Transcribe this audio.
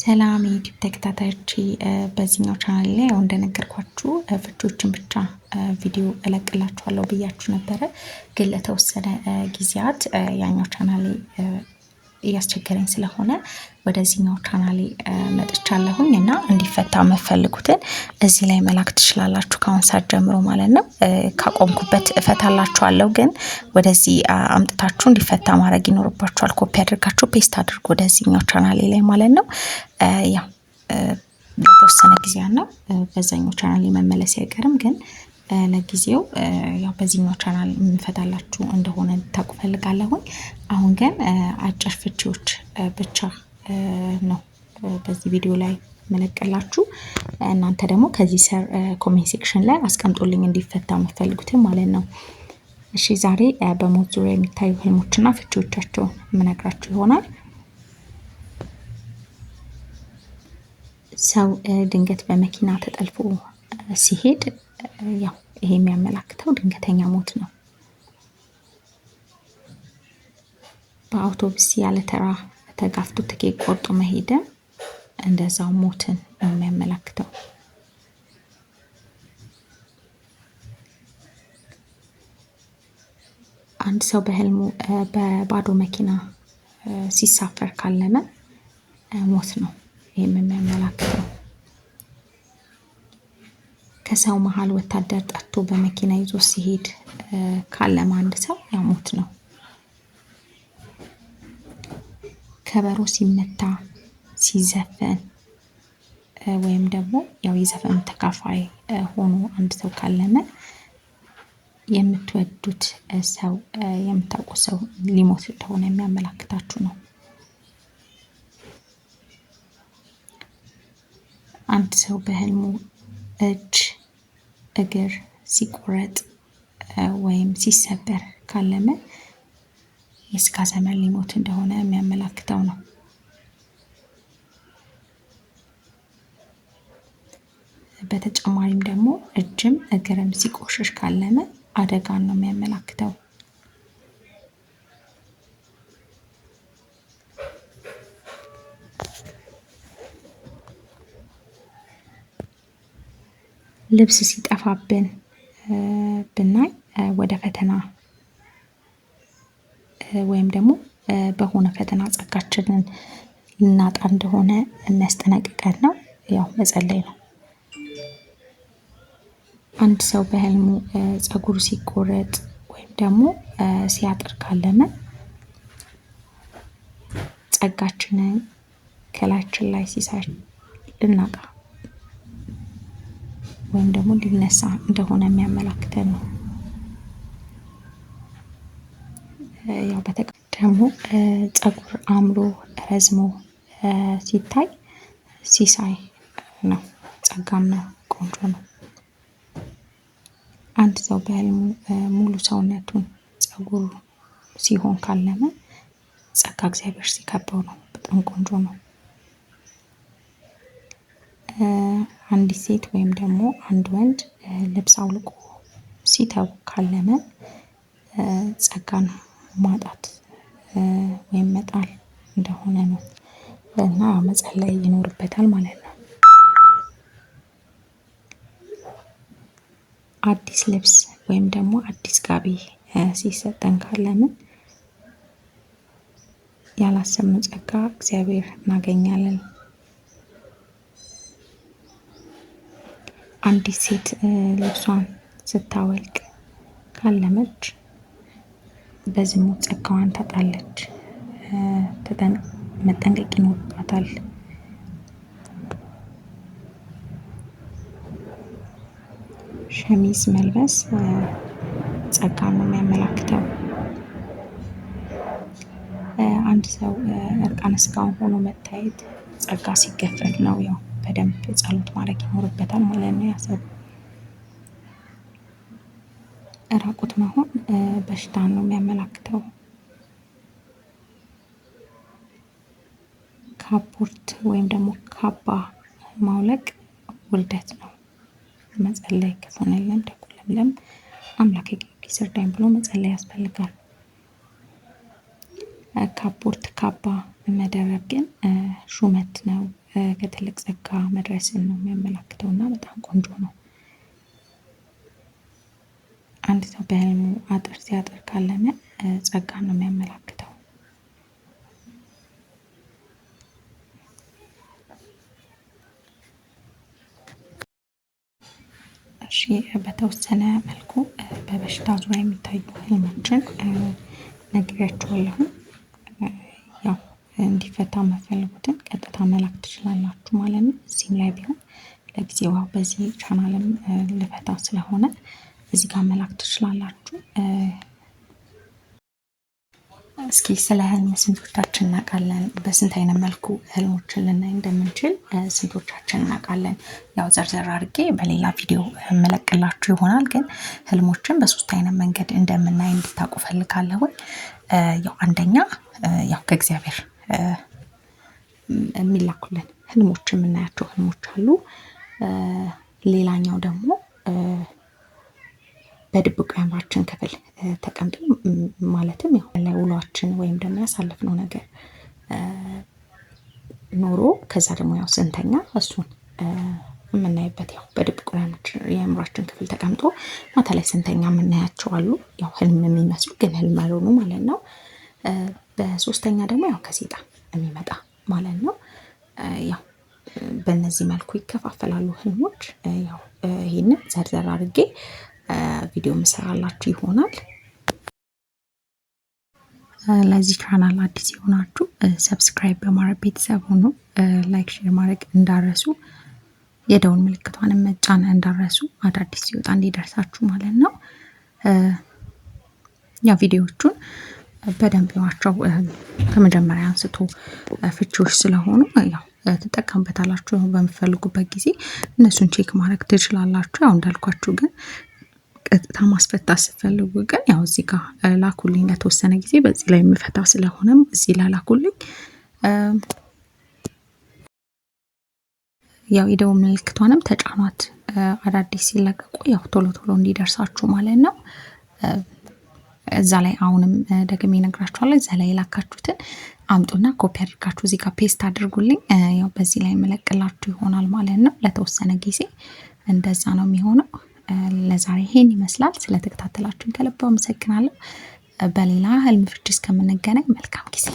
ሰላም የዩቲዩብ ተከታታዮች፣ በዚህኛው ቻናል ላይ ያው እንደነገርኳችሁ ፍቾችን ብቻ ቪዲዮ እለቅላችኋለሁ ብያችሁ ነበረ። ግን ለተወሰነ ጊዜያት ያኛው ቻናል ላይ እያስቸገረኝ ስለሆነ ወደዚህኛው ቻናሌ መጥቻለሁኝ እና እንዲፈታ መፈልጉትን እዚህ ላይ መላክ ትችላላችሁ። ከአሁን ሰዓት ጀምሮ ማለት ነው። ካቆምኩበት እፈታላችኋለሁ፣ ግን ወደዚህ አምጥታችሁ እንዲፈታ ማድረግ ይኖርባችኋል። ኮፒ አድርጋችሁ ፔስት አድርጉ ወደዚህኛው ቻናሌ ላይ ማለት ነው። ያው ለተወሰነ ጊዜያ ነው በዛኛው ቻናሌ መመለስ አይቀርም ግን ለጊዜው ያው በዚህኛው ቻናል የምንፈታላችሁ እንደሆነ ልታውቁ ፈልጋለሁኝ። አሁን ግን አጭር ፍቺዎች ብቻ ነው በዚህ ቪዲዮ ላይ መለቀላችሁ እናንተ ደግሞ ከዚህ ሰር ኮሜንት ሴክሽን ላይ አስቀምጦልኝ እንዲፈታ የምትፈልጉትን ማለት ነው። እሺ ዛሬ በሞት ዙሪያ የሚታዩ ህልሞችና ፍቺዎቻቸውን የምነግራችሁ ይሆናል። ሰው ድንገት በመኪና ተጠልፎ ሲሄድ ያው ይሄ የሚያመላክተው ድንገተኛ ሞት ነው። በአውቶቡስ ያለ ተራ ተጋፍቶ ትኬት ቆርጦ መሄደ እንደዛው ሞትን ነው የሚያመላክተው። አንድ ሰው በህልሙ በባዶ መኪና ሲሳፈር ካለመ ሞት ነው ይህም የሚያመላክተው። ከሰው መሀል ወታደር ጠጥቶ በመኪና ይዞ ሲሄድ ካለመ አንድ ሰው ያሞት ነው። ከበሮ ሲመታ፣ ሲዘፈን ወይም ደግሞ ያው የዘፈኑ ተካፋይ ሆኖ አንድ ሰው ካለመ የምትወዱት ሰው የምታውቁት ሰው ሊሞት እንደሆነ የሚያመላክታችሁ ነው። አንድ ሰው በህልሙ እጅ እግር ሲቆረጥ ወይም ሲሰበር ካለመ የስጋ ዘመን ሊሞት እንደሆነ የሚያመላክተው ነው። በተጨማሪም ደግሞ እጅም እግርም ሲቆሽሽ ካለመ አደጋን ነው የሚያመላክተው ልብስ ሲጠፋብን ብናይ ወደ ፈተና ወይም ደግሞ በሆነ ፈተና ጸጋችንን ልናጣ እንደሆነ የሚያስጠነቅቀን ነው። ያው መጸለይ ነው። አንድ ሰው በህልሙ ፀጉር ሲቆረጥ ወይም ደግሞ ሲያጥር ካለመ ጸጋችንን ከላያችን ላይ ሲሳይ ልናጣ ወይም ደግሞ ሊነሳ እንደሆነ የሚያመላክተን ነው። ያው በተቀደሙ ደግሞ ፀጉር አምሮ ረዝሞ ሲታይ ሲሳይ ነው፣ ጸጋም ነው፣ ቆንጆ ነው። አንድ ሰው በህልሙ ሙሉ ሰውነቱን ጸጉር ሲሆን ካለመ ጸጋ እግዚአብሔር ሲከበው ነው። በጣም ቆንጆ ነው። አንዲት ሴት ወይም ደግሞ አንድ ወንድ ልብስ አውልቆ ሲተው ካለመ ጸጋን ማጣት ወይም መጣል እንደሆነ ነው እና መጸለይ ይኖርበታል ማለት ነው። አዲስ ልብስ ወይም ደግሞ አዲስ ጋቢ ሲሰጠን ካለምን ያላሰብነው ጸጋ እግዚአብሔር እናገኛለን። አንዲት ሴት ልብሷን ስታወልቅ ካለመች በዝሙት ጸጋዋን ታጣለች። መጠንቀቅ ይኖርባታል። ሸሚዝ መልበስ ጸጋን ነው የሚያመላክተው። አንድ ሰው እርቃነ ስጋውን ሆኖ መታየት ጸጋ ሲገፈል ነው ያው በደንብ ጸሎት ማድረግ ይኖርበታል ማለት ነው። ያሰው ራቁት መሆን በሽታ ነው የሚያመላክተው። ካፖርት ወይም ደግሞ ካባ ማውለቅ ውልደት ነው። መጸለይ ክፉንለም ደጉለምለም አምላከ ጊዮርጊስ እርዳኝ ብሎ መጸለይ ያስፈልጋል። ካፖርት ካባ መደረብ ግን ሹመት ነው ከትልቅ ጸጋ መድረስን ነው የሚያመላክተው እና በጣም ቆንጆ ነው። አንድ ሰው በህልሙ አጥር ሲያጥር ካለመ ጸጋ ነው የሚያመላክተው። እሺ በተወሰነ መልኩ በበሽታ ዙሪያ የሚታዩ ህልሞችን ነግሬያችኋለሁ። እንዲፈታ የምትፈልጉትን ቀጥታ መላክ ትችላላችሁ ማለት ነው። እዚህም ላይ ቢሆን ለጊዜው በዚህ ቻናልም ልፈታ ስለሆነ እዚህ ጋር መላክ ትችላላችሁ። እስኪ ስለ ህልም ስንቶቻችን እናውቃለን? በስንት አይነት መልኩ ህልሞችን ልናይ እንደምንችል ስንቶቻችን እናውቃለን? ያው ዘርዘር አድርጌ በሌላ ቪዲዮ መለቅላችሁ ይሆናል። ግን ህልሞችን በሶስት አይነት መንገድ እንደምናይ እንድታውቁ ፈልጋለሁ። ያው አንደኛ ያው ከእግዚአብሔር የሚላኩልን ህልሞች የምናያቸው ህልሞች አሉ። ሌላኛው ደግሞ በድብቁ የአእምሯችን ክፍል ተቀምጦ ማለትም ላይ ውሏችን ወይም ደግሞ ያሳለፍነው ነገር ኖሮ ከዛ ደግሞ ያው ስንተኛ እሱን የምናይበት ያው በድብቁ የአእምሯችን ክፍል ተቀምጦ ማታ ላይ ስንተኛ የምናያቸው አሉ። ያው ህልም የሚመስሉ ግን ህልም አልሆኑ ማለት ነው። በሶስተኛ ደግሞ ያው ከሴጣ የሚመጣ ማለት ነው። ያው በእነዚህ መልኩ ይከፋፈላሉ ህልሞች። ያው ይህንን ዘርዘር አድርጌ ቪዲዮ ምሰራላችሁ ይሆናል። ለዚህ ቻናል አዲስ የሆናችሁ ሰብስክራይብ በማድረግ ቤተሰብ ሆኖ ላይክ፣ ሼር ማድረግ እንዳረሱ የደውን ምልክቷንም መጫን እንዳረሱ አዳዲስ ሲወጣ እንዲደርሳችሁ ማለት ነው። ያ ቪዲዮዎቹን በደንብ ይዋቸው ከመጀመሪያ አንስቶ ፍቺዎች ስለሆኑ ያው ትጠቀምበታላችሁ በምፈልጉበት ጊዜ እነሱን ቼክ ማድረግ ትችላላችሁ። ያው እንዳልኳችሁ ግን ቀጥታ ማስፈታ ስትፈልጉ ግን ያው እዚህ ጋር ላኩልኝ ለተወሰነ ጊዜ በዚህ ላይ የምፈታ ስለሆነም እዚህ ላይ ላኩልኝ። ያው የደቡብ ምልክቷንም ተጫኗት፣ አዳዲስ ሲለቀቁ ያው ቶሎ ቶሎ እንዲደርሳችሁ ማለት ነው። እዛ ላይ አሁንም ደግሜ እነግራችኋለሁ። እዛ ላይ የላካችሁትን አምጡና ኮፒ አድርጋችሁ እዚህ ጋር ፔስት አድርጉልኝ። ያው በዚህ ላይ መለቅላችሁ ይሆናል ማለት ነው ለተወሰነ ጊዜ እንደዛ ነው የሚሆነው። ለዛሬ ይሄን ይመስላል። ስለተከታተላችሁን ከልብ አመሰግናለሁ። በሌላ ህልም ፍቺ እስከምንገናኝ መልካም ጊዜ